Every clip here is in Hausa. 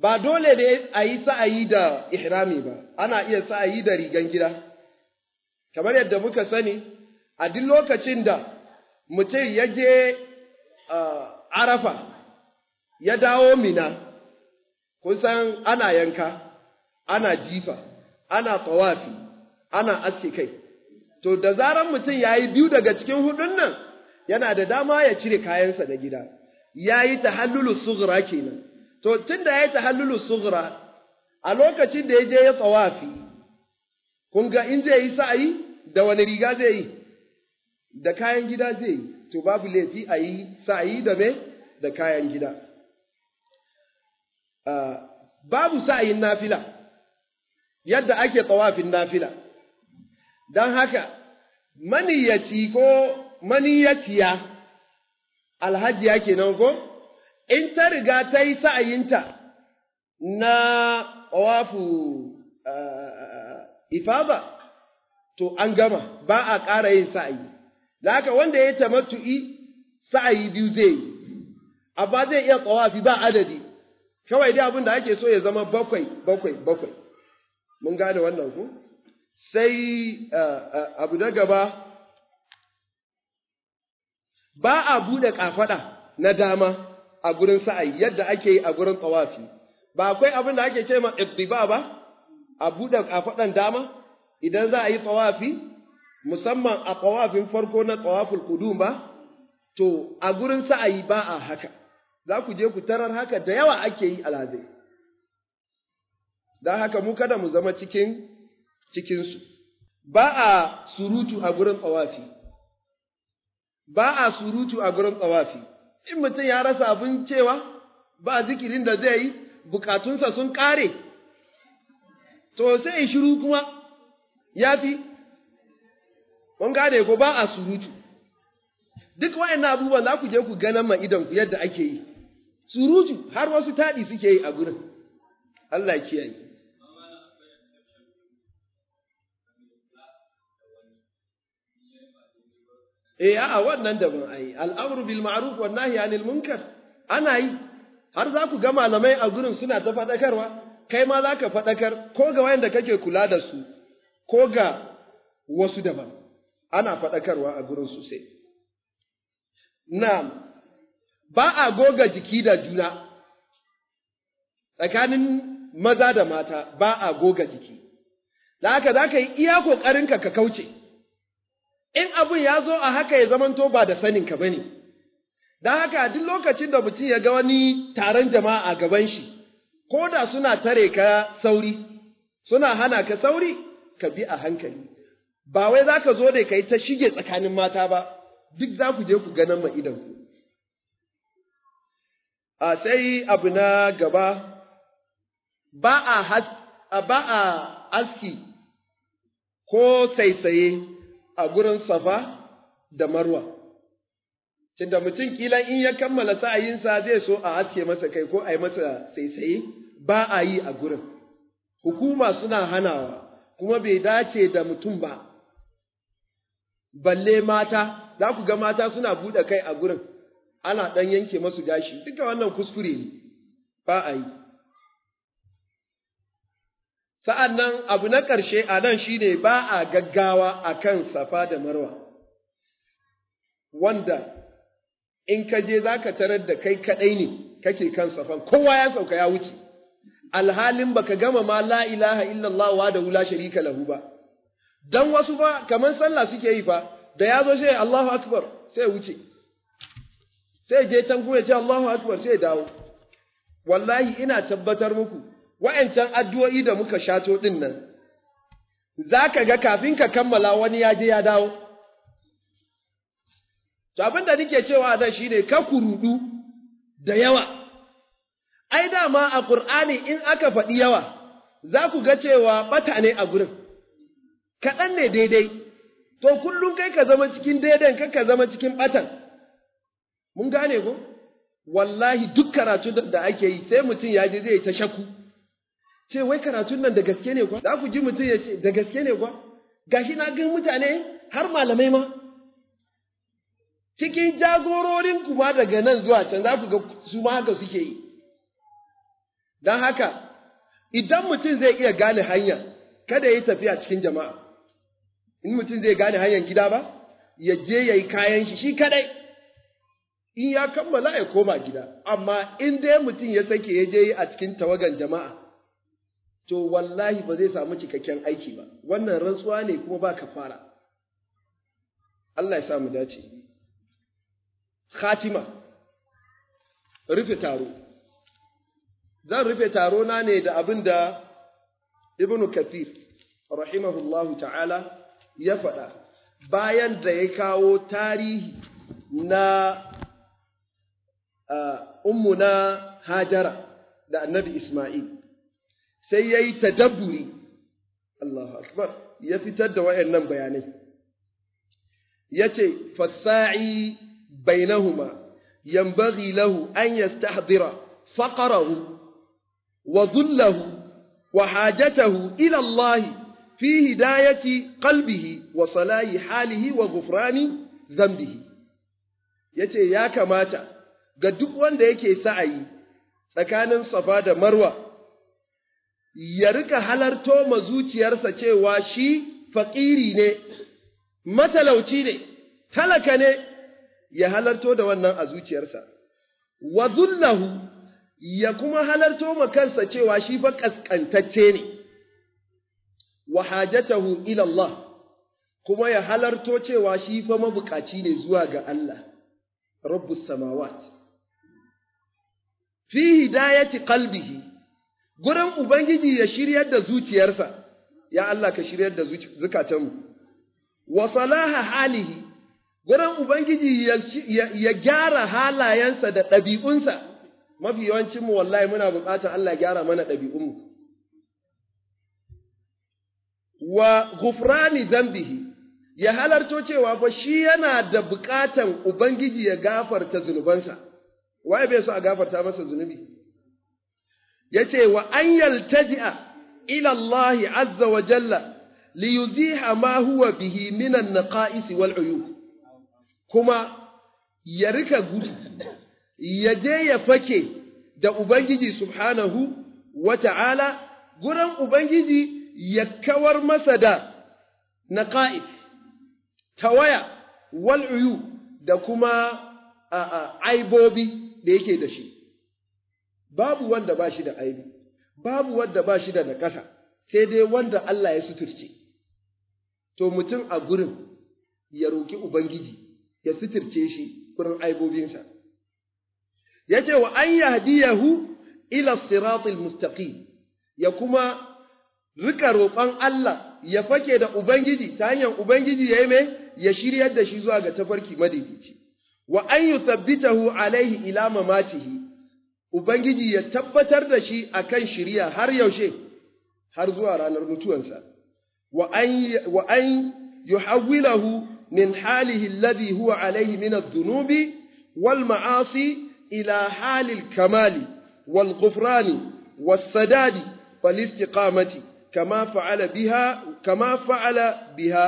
ba dole ne a yi sa'ayi da ihrami ba, ana iya sa'ayi da rigan gida. Kamar yadda muka sani, a duk lokacin da mutum ya je arafa, ya dawo mina, kusan ana yanka, ana jifa, ana tsawafi, ana aske kai. To, da zaran mutum ya yi biyu daga cikin hudun nan, yana da dama ya cire kayansa na gida, ya yi ta hallulu kenan. To tun da ya yi tahallulu sughra a lokacin da ya je ya tsawafi, kun ga in zai yi sa'ayi da wani riga zai yi, da kayan gida zai yi, to babu laifi a yi sa'ayi da me da kayan gida. Ah, babu sa'ayin nafila, yadda ake tsawafin nafila, don haka maniyyaci ko maniyyaciya ke nan ko? in ta riga ta yi sa'ayinta na wafu eh, eh, ifaba, to an gama ba a ƙara yin sa'ayi. Da haka wanda ya tamattu'i sa'ayi biyu zai yi, abba zai iya tsawafi ba adadi, kawai dai abin da ake so ya zama bakwai, bakwai, bakwai. Mun gane wannan ku? Sai eh, abu na gaba, ba a buɗe ƙafaɗa na dama. a gurin sa'ayi yadda ake yi a gurin tsawafi ba akwai abin da ake ce ma ittiba ba a buɗe faɗan dama idan za a yi tsawafi musamman a tsawafin farko na tsawaful qudum ba to a gurin sa'ayi ba a haka za ku je ku tarar haka da yawa ake yi alhazai don haka mu kada mu zama cikin cikinsu ba a surutu a gurin tsawafi ba a surutu a gurin tsawafi in mutum ya rasa abin cewa ba zikirin da zai yi bukatunsa sun ƙare, to sai shiru kuma ya fi, mun gane ko ba a surutu. Duk na abubuwan za ku je ku ganan ma idanku yadda ake yi, surutu har wasu taɗi suke yi a gurin, Allah kiyaye. eh a'a wannan daban ai al'amru bil ma'ruf wan nahyi anil munkar ana yi har za ku ga malamai a gurin suna ta faɗakarwa kai ma za ka faɗakar ko ga wayanda kake kula da su ko ga wasu daban ana faɗakarwa a gurin sosai na'am ba a goga jiki da juna tsakanin maza da mata ba a goga jiki da haka za ka yi iya ƙoƙarinka ka kauce in abin ya zo a haka ya zamanto ba da saninka ba ne, don haka a duk lokacin da mutum ya ga wani taron jama'a a gaban shi, ko da suna tare ka sauri, suna hana ka sauri, ka bi a hankali. Ba wai za ka zo da kai ta shige tsakanin mata ba, duk za ku je ku ganin ku. A sai abu na gaba, ba a aski ko saisaye. a gurin safa da marwa. Tunda mutum kila in ya kammala sa'ayinsa zai so a haske masa kai ko a yi masa saisaye ba a yi a gurin. Hukuma suna hanawa kuma bai dace da mutum ba, balle mata, za ku ga mata suna buɗe kai a gurin, ana ɗan yanke masu gashi, duka wannan kuskure ne, ba a yi. Sa'an nan abu na ƙarshe a nan shi ne ba a gaggawa a kan safa da marwa, wanda in ka je za ka tarar da kai kaɗai ne kake kan safan, kowa ya sauka ya wuce, alhalin baka gama ma la ilaha illallah wa da wula sharika lahu ba, don wasu ba kamar sallah suke yi fa, da ya zo sai Allahu Akbar sai wuce, sai je can ya ce Allahu Akbar sai dawo, wallahi ina tabbatar muku. wa'yancan addu'o'i da muka shato ɗin nan, za ka ga kafin ka kammala wani ya je ya dawo. To abin da nake cewa da shi ne ka kurudu da yawa, ai dama a Ƙur'ani in aka faɗi yawa, za ku ga cewa ɓata ne a gurin, kaɗan ne daidai, to kullum kai ka zama cikin daidan kai ka zama cikin ɓatan. Mun gane ko? Wallahi duk karatu da ake yi sai mutum ya je zai ta shaku. ce wai karatun nan da gaske ne kwa za ku ji mutum ya ce da gaske ne kwa gashi na ga mutane har malamai ma cikin jagororin ku ma daga nan zuwa can za ku ga su ma haka suke yi don haka idan mutum zai iya gane hanya kada ya yi tafiya cikin jama'a in mutum zai gane hanyar gida ba ya je ya yi kayan shi shi kadai in ya kammala ya koma gida amma in dai mutum ya sake ya je a cikin tawagan jama'a to wallahi ba zai samu cikakken aiki ba wannan rantsuwa ne kuma ba ka fara. Allah ya sa dace khatima rufe taro zan rufe taro na ne da abin da ibnu kathir rahimahullahu ta'ala ya faɗa bayan da ya kawo tarihi na na hajara da annabi Ismail. sai ya yi tadabburi Allahu akbar ya fitar da wayannan bayanai ya ce fasa'i bainahuma yanbaghi lahu an yastahdira faqarahu wa dhullahu wa hajatahu ila Allah fi hidayati qalbihi wa salahi halihi wa ghufrani dhanbihi yace ya kamata ga duk wanda yake sa'ayi tsakanin Safa da Marwa ya rika halarto ma zuciyarsa cewa shi faƙiri ne, matalauci ne, talaka ne, ya halarto da wannan a zuciyarsa. Wa zullahu ya kuma halarto ma kansa cewa shi fa ƙasƙantacce ne, wa hajatahu ilallah, kuma ya halarto cewa shi fa mabuƙaci ne zuwa ga Allah, Rabbu samawat. Fi hidayati qalbihi gurin Ubangiji ya shiryar da zuciyarsa, ya Allah ka shiryar da zukatanmu, wa salaha halihi, gurin Ubangiji ya gyara halayensa da ɗabi'unsa, mafi yawancinmu wallahi muna buƙatar Allah gyara mana ɗabi'unmu. Wa gufrani zambihi, ya halarto cewa ba shi yana da buƙatan Ubangiji ya gafarta zunubansa, waye bai so a gafarta masa zunubi? yace wa an yaltaji'a ila Allah azza wa jalla li yuziha ma huwa bihi minan an-naqa'is kuma ya rika gudu ya je ya fake da ubangiji subhanahu wa ta'ala guran ubangiji ya kawar masa da naqa'is tawaya wal da kuma aibobi da yake da shi babu wanda ba shi da aibi babu wanda ba shi da nakasa sai dai wanda Allah ya suturce to mutum a gurin ya roki ubangiji ya suturce shi gurin aibobinsa yace wa an yahdiyahu ila siratil mustaqim ya kuma rika roƙon Allah ya fake da Ubangiji ta hanyar Ubangiji ya yi mai ya shiryar da shi zuwa ga tafarki madaidaici wa an yuthabbitahu alaihi ila mamatihi Ubangiji ya tabbatar da shi a kan shirya har yaushe, har zuwa ranar mutuwansa, wa an yuhawwilahu min halihi alladhi huwa alaihi min adh-dhunubi wal ma'asi ila halil kamali wal ghufrani was sadadi wal istiqamati kama fa'ala biha kama fa'ala biha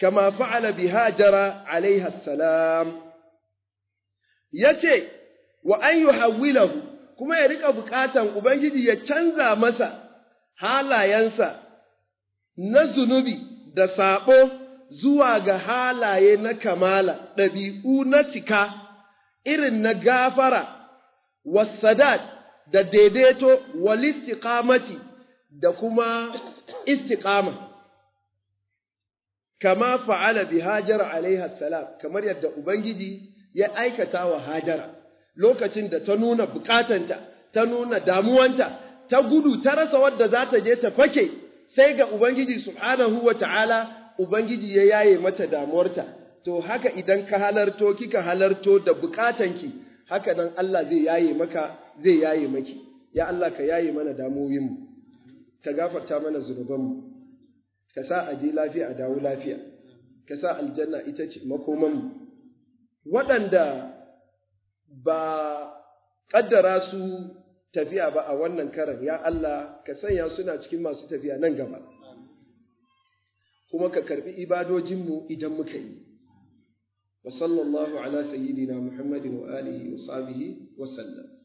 kama fa'ala biha jara alaiha salam yace wa an yuhawwilahu kuma ya rika bukatan ubangiji ya canza masa halayensa na zunubi da saɓo zuwa ga halaye na kamala ɗabi'u na cika irin na gafara wasadat da daidaito walistiqamati da kuma istiƙama kama fa'ala bi hajara alaiha kamar yadda ubangiji ya aikata wa hajara lokacin da ta nuna bukatanta, ta nuna damuwanta, ta gudu ta rasa wadda za ta je ta fake, sai ga Ubangiji subhanahu wa ta'ala, Ubangiji ya yaye mata damuwarta. To haka idan ka halarto kika halarto da bukatanki, haka nan Allah zai yaye maka, zai yaye maki. Ya Allah ka yaye mana damuwinmu, ka gafarta mana zunubanmu, ka sa a je lafiya a dawo lafiya, ka sa aljanna ita ce makomanmu. Waɗanda ba ƙaddara su tafiya ba a wannan karan, ya Allah, ka sanya suna cikin masu tafiya nan gaba, kuma ka karɓi ibadojinmu idan muka yi. وصلى ala sayyidina muhammadin wa وآله wa sallam.